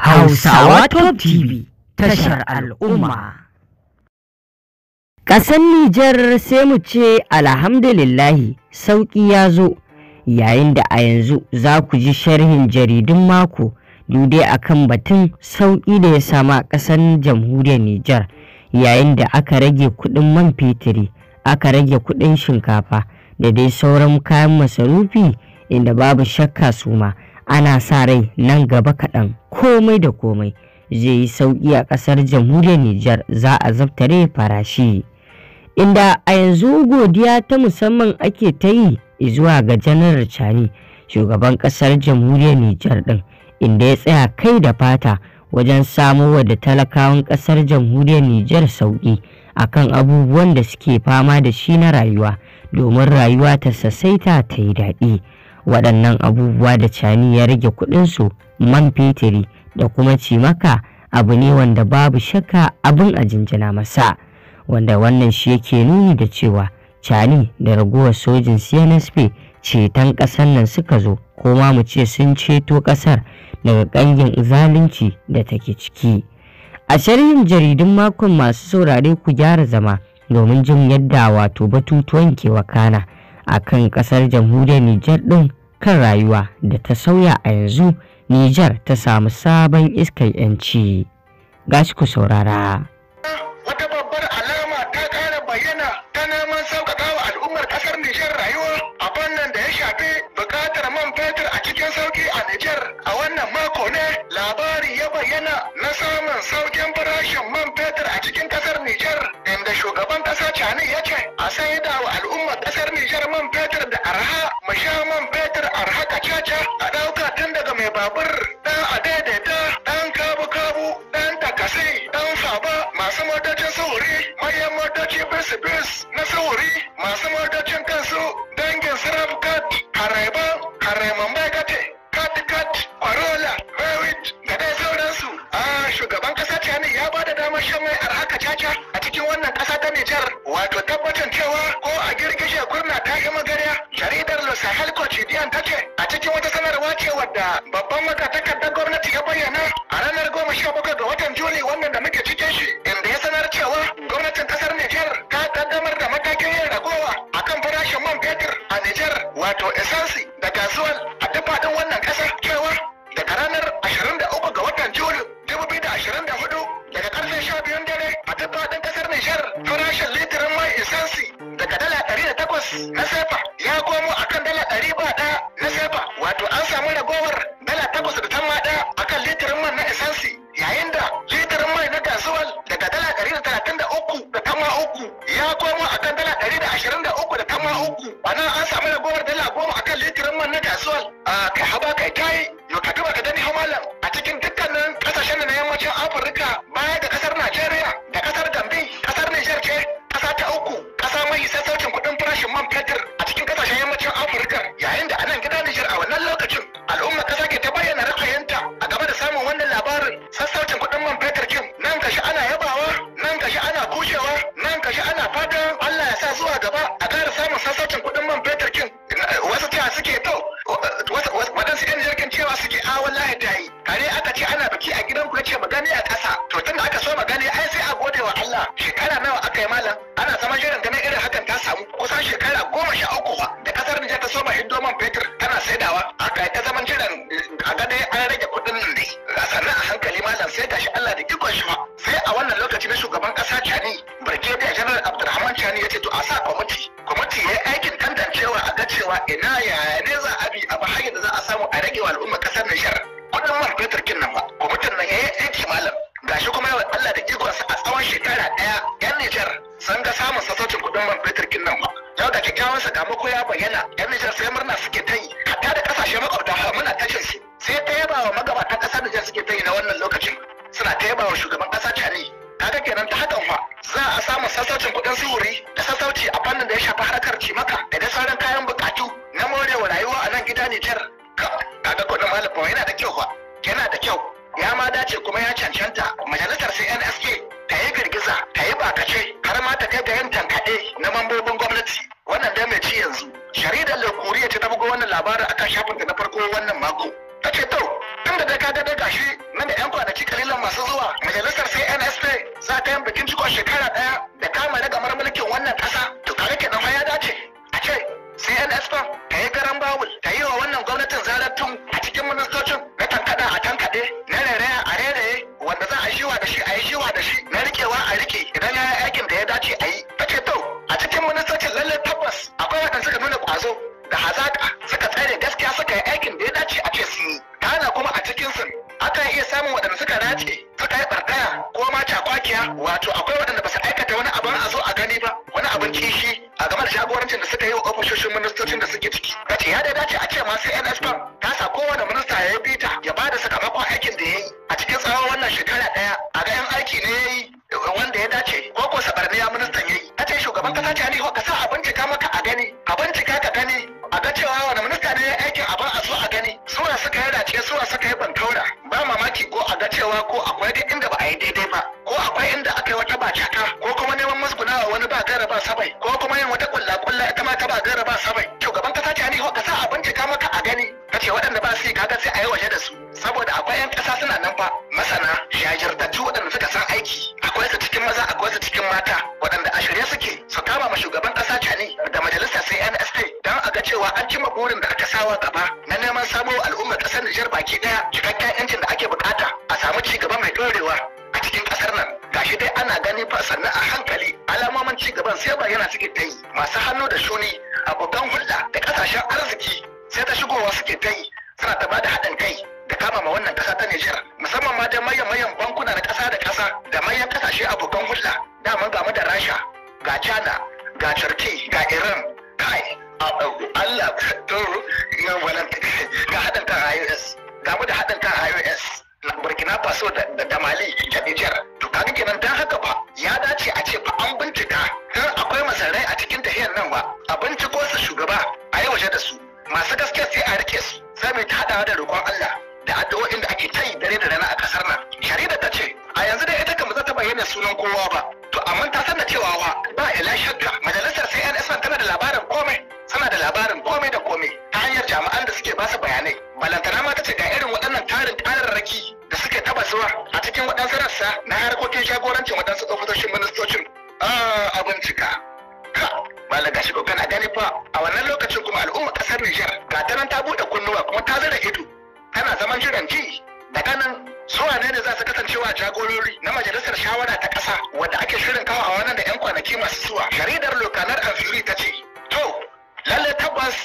Hausawa Top TV tashar al'umma. Ƙasar Nijar sai mu ce alhamdulillahi sauƙi ya zo yayin da a yanzu za ku ji sharhin jaridun mako a akan batun sauƙi da ya sama ƙasar jamhuriyar Nijar yayin da aka rage kuɗin man fetiri aka rage kuɗin shinkafa da dai sauran kayan masarufi inda babu shakka suma. ana sa rai nan gaba kaɗan komai da komai zai yi sauƙi a ƙasar jamhuriyar Nijar za a zaftare farashi. Inda a yanzu godiya ta musamman ake ta yi zuwa ga janar Chani shugaban ƙasar jamhuriyar Nijar ɗin inda ya tsaya kai da fata wajen samowa da talakawan ƙasar jamhuriyar Nijar sauƙi a kan abubuwan da suke fama da shi na rayuwa domin rayuwa ta sasaita ta yi daɗi. waɗannan abubuwa da cani ya rage kuɗinsu man fetiri da kuma cimaka abu ne wanda babu shaka abin a jinjina masa wanda wannan shi yake nuni da cewa cani da raguwar sojin cnsp ceton ƙasar nan suka zo ko ma mu ce sun ceto ƙasar daga ƙangin zalunci da take ciki a sharhin jaridun makon masu saurare ku gyara zama domin jin yadda wato batutuwan ke wakana a kan ƙasar jamhuriyar nijar ɗin kan rayuwa da ta sauya a yanzu Nijar ta samu sabon iskar 'yanci. Gashi ku saurara. space na sauri masu matacin kansu dangin sarrafa kat haraiba haraiman kat kat kwarola vewit da dai sauransu a shugaban kasa tani ya ba da damar shan mai arhaka caca a cikin wannan kasa ta nijar wato tabbatar cewa ko a girgishe kurna ta yi magarya jaridar los sahel quotidian ta ce a cikin wata sanarwa ce wadda babban da gwamnati ya bayyana a ranar goma sha bakwai ga watan juli wannan na sefa ya komo akan dala ɗari ba ɗaya na sefa wato an samu ragowar dala takwas da tamma ɗaya akan litirin man na esansi yayin da litirin mai na gazuwal daga dala ɗari da talatin da uku da tamma uku ya komo akan dala ɗari da ashirin da uku da tamma uku a an samu ragowar dala goma akan litirin man na gazuwal a ah, kai haba kai tayi yau ka duba ka gani malam. kaga dai an rage kuɗin nan ne. sannan a hankali malam sai gashi Allah da ikon shi sai a wannan lokaci na shugaban ƙasa Chani Brigadier General Abdulrahman Chani ya ce to a sa kwamiti kwamiti ya yi aikin tantancewa a ga cewa ina yaya ne za a bi a hanyar da za a samu a rage wa al'umma ƙasar Nijar kuɗin man fetur kin nan ba kwamitin nan ya yi aiki malam gashi kuma yawan Allah da ikon sa a tsawon shekara ɗaya yan Nijar sun ga samun sassaucin kuɗin man fetur kin nan ba. Yau da kyakkyawan sakamako ya bayyana yan Nijar ma dace kuma ya cancanta majalisar CNSK ta yi girgiza ta yi bakace har ma ta kai ga yin tankaɗe na mambobin gwamnati wannan dai mai ci yanzu jaridar lokuriya ce ta buga wannan labarin akan shafinta na farko wannan mako ta ce to tun da ka ga gashi nan da yan kwanaki kalilan masu zuwa majalisar CNSP za ta yin bikin cikon shekara ɗaya da kama daga mulkin wannan ƙasa to kare ke ya dace a ce CNSK fakiya wato akwai waɗanda ba su aikata wani abu a zo a gani ba wani abin kishi a game da jagorancin da suka yi wa ofishoshin ministocin da suke ciki ba ce ya dace a ce masu ba ta sa kowane minista ya yi bita ya ba da sakamakon aikin da ya yi a cikin tsawon wannan shekara ɗaya a ga 'yan aiki ne ya yi wanda ya dace ko ko sabarniya ministan ya yi ta ce shugaban kasa ce Aliyu ka sa a bincika maka a gani a bincika ka gani a ga cewa wani minista ne ya aikin abin a zo a gani suna suka yi dace suwa suka yi bankaura ba mamaki ko a ga cewa ko akwai duk kasa ta Nijar musamman ma dai mayan mayan bankuna na ƙasa da kasa da mayan ƙasashe abokan hulɗa dama ga da Rasha ga China ga Turkey ga Iran kai Allah to na wannan ga haɗin ta IOS ga mu da haɗin ta IOS Burkina Faso da Mali da Nijar to kaga kenan dan haka ba ya dace a ce fa an bincika in akwai masarai a cikin tahiyar nan ba a binciko su shugaba a yi waje da su masu gaske sai a rike su sai mai ta hadawa da roƙon Allah da addu'o'in da ake ta yi dare da rana a kasar nan shari'a ta ce a yanzu da ita kama za ta bayyana sunan kowa ba to amma ta san da cewa wa ba ila shakka majalisar sai CNS tana da labarin komai sana da labarin komai da komai ta hanyar jami'an da suke basu bayanai balantana ma ta ce ga irin waɗannan tarin tararraki da suke tabasuwa a cikin waɗansu rassa na harkokin shagorancin waɗansu ofisoshin ministocin a ah, bincika ka gashi ko kana gani fa a wannan lokacin kuma al'umma kasar Nijar ga ta nan ta buɗe kunnuwa kuma ta zira ido Tana zaman jiran ji daga nan su ne ne za su kasancewa jagorori na majalisar shawara ta ƙasa wadda ake shirin kawo a wannan da 'yan kwanaki masu zuwa jaridar Lokalar alfiri ta ce to lalle tabbas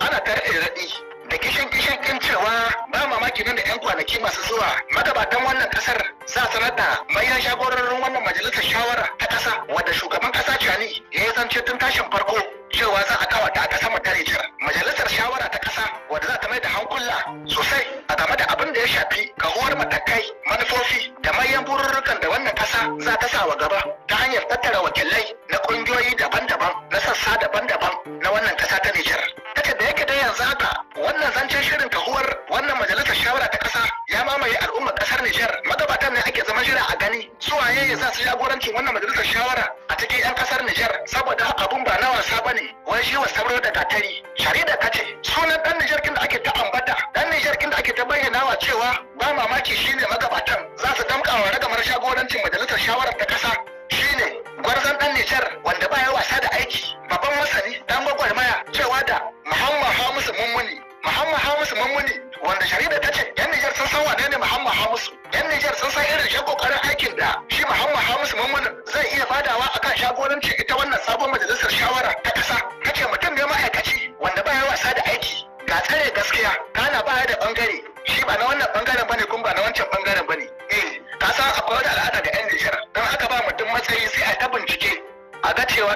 ana tare raɗi da kishin kishin kin cewa ba mamaki nan da 'yan kwanaki masu zuwa magabatan wannan kasar za sanar da manyan shagororin wannan majalisar shawara ta ƙasa wadda shugaban ƙasa cani ya yi zance tun tashin farko cewa za a kawata a ƙasa sama tare majalisar shawara ta ƙasa wadda za ta mai da hankula sosai sawa gaba ta hanyar tattara wakilai na ƙungiyoyi daban-daban na sassa daban-daban na wannan kasa ta Nijar. Tace da yake dai yanzu haka wannan zancen shirin kahuwar wannan majalisar shawara ta ƙasa ya mamaye al'ummar ƙasar Nijar. Magabatan ne ake zama shira a gani su waye ya sa su jagoranci wannan majalisar shawara a cikin 'yan ƙasar Nijar saboda abun ba na wasa ne, wai shi wa sauro da gatari. Sharida ta ce sunan ɗan Nijar kin da ake ta ambata ɗan Nijar kin da ake ta bayyanawa cewa ba mamaki shine magabatan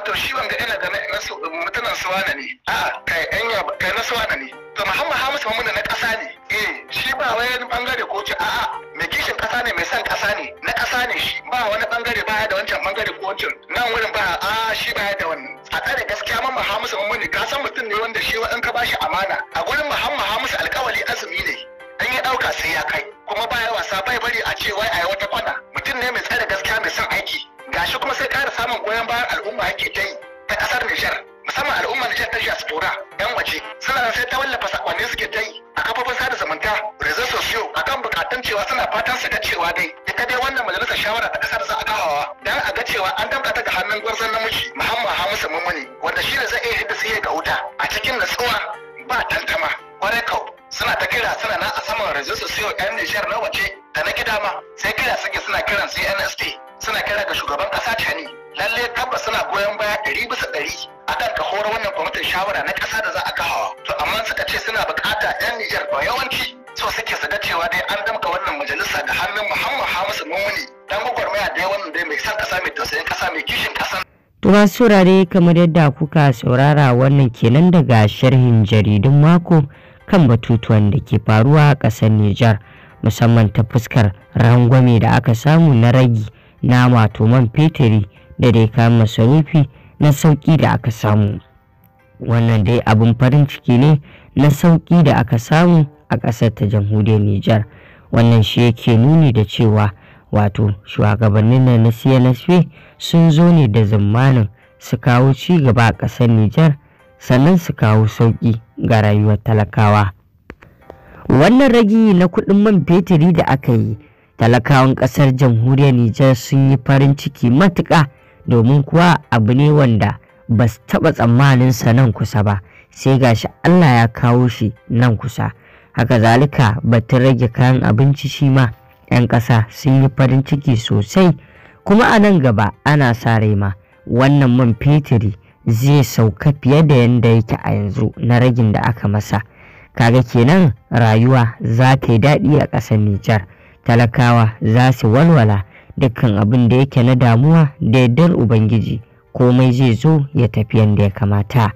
to shi wanda ina ga mutanen suwana ne a kai anya kai na suwana ne to muhammad hamisu mamuna na kasa ne eh shi ba wani bangare ko ce a'a mai kishin kasa ne mai san kasa ne na kasa ne shi ba wani bangare ba da wancan bangare ko wancan nan wurin ba a shi ba da wannan a tsare gaskiya mamma hamisu mamuni ka san mutum ne wanda shi wa ka bashi amana a gurin muhammad hamisu alkawali azumi ne an yi dauka sai ya kai kuma ba ya wasa bai bari a ce wai a yi wata kwana mutum ne mai tsare gaskiya mai san aiki gashi kuma sai ƙara samun al'ummar Nijar musamman al'ummar Nijar ta diaspora yan waje suna sai ta wallafa sakonni suke ta yi a kafofin sada zumunta rezo sosiyo akan bukatun cewa suna fatan su ga cewa dai ita dai wannan majalisar shawara ta kasar za a kawawa dan a ga cewa an damka ta ga hannun gwarzon namiji Muhammad Hamisu mummuni wanda shi ne zai iya hidda sai ga wuta a cikin natsuwa ba tantama kwarai kau suna ta kira suna na a saman rezo sosiyo yan Nijar na waje da na gida ma sai kira suke suna kiran CNSD ɗari bisa ɗari akan ka horar wannan kwamitin shawara na ƙasa da za a kawo to amma suka ce suna buƙata 'yan Nijar ba yawanci so suke su ga cewa dai an damka wannan majalisa da hannun Muhammad Hamisu Mumuni dan gwagwarmaya da wannan dai mai son ƙasa mai tausayin ƙasa mai kishin ƙasa. Tuba saurare kamar yadda kuka saurara wannan kenan daga sharhin jaridun mako kan batutuwan da ke faruwa a ƙasar Nijar musamman ta fuskar rangwame da aka samu na ragi na wato man fetiri da dai kayan masarufi na sauƙi da aka samu wannan dai abin farin ciki ne na sauƙi da aka samu a ƙasar ta jamhuriyar Nijar wannan shi yake nuni da cewa wato shugabannin na na CNSP sun zo ne da zammanin su kawo ci gaba a ƙasar Nijar sannan su kawo sauƙi ga rayuwar talakawa wannan ragi na kuɗin man fetiri da aka yi talakawan ƙasar jamhuriyar Nijar sun yi farin ciki matuƙa domin kuwa abu ne wanda ba su taɓa tsammaninsa nan kusa ba sai gashi Allah ya kawo shi nan kusa haka zalika batun rage kayan abinci shi ma 'yan ƙasa sun yi farin ciki sosai kuma a nan gaba ana sa rai ma wannan man fetiri zai sauka fiye da yadda yake a yanzu na ragin da aka masa kaga kenan rayuwa za ta yi daɗi a ƙasar Nijar talakawa za su walwala dukkan abin da yake na damuwa da yardar Ubangiji komai zai zo ya tafi yadda ya kamata.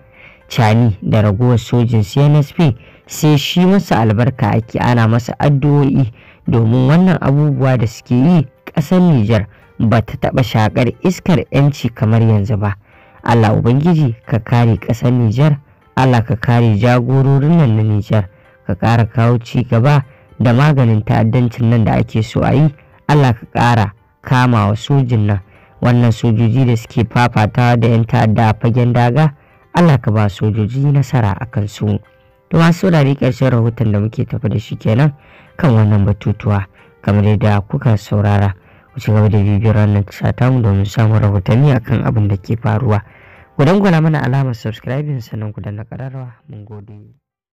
Cani da ragowar sojin CNSP sai shi masa albarka ake ana masa addu'o'i domin wannan abubuwa da suke yi ƙasar Nijar ba ta taɓa shaƙar iskar 'yanci kamar yanzu ba. Allah Ubangiji ka kare ƙasar Nijar, Allah ka kare jagororin nan na Nijar, ka ƙara kawo ci gaba da maganin ta'addancin nan da ake so a yi, Allah ka ƙara kama wa sojin nan wannan sojoji da suke fafata da 'yan ta'adda a fagen daga allah ka ba sojoji nasara a kan su da masu saurari ƙarshen rahoton da muke tafi da shi kenan kan wannan batutuwa kamar da kuka saurara ku ci gaba da bibiyar wannan tasha mu domin samun rahotanni akan abin da ke faruwa ku dangwala mana alamar subscribing sannan ku na ƙararrawa mun gode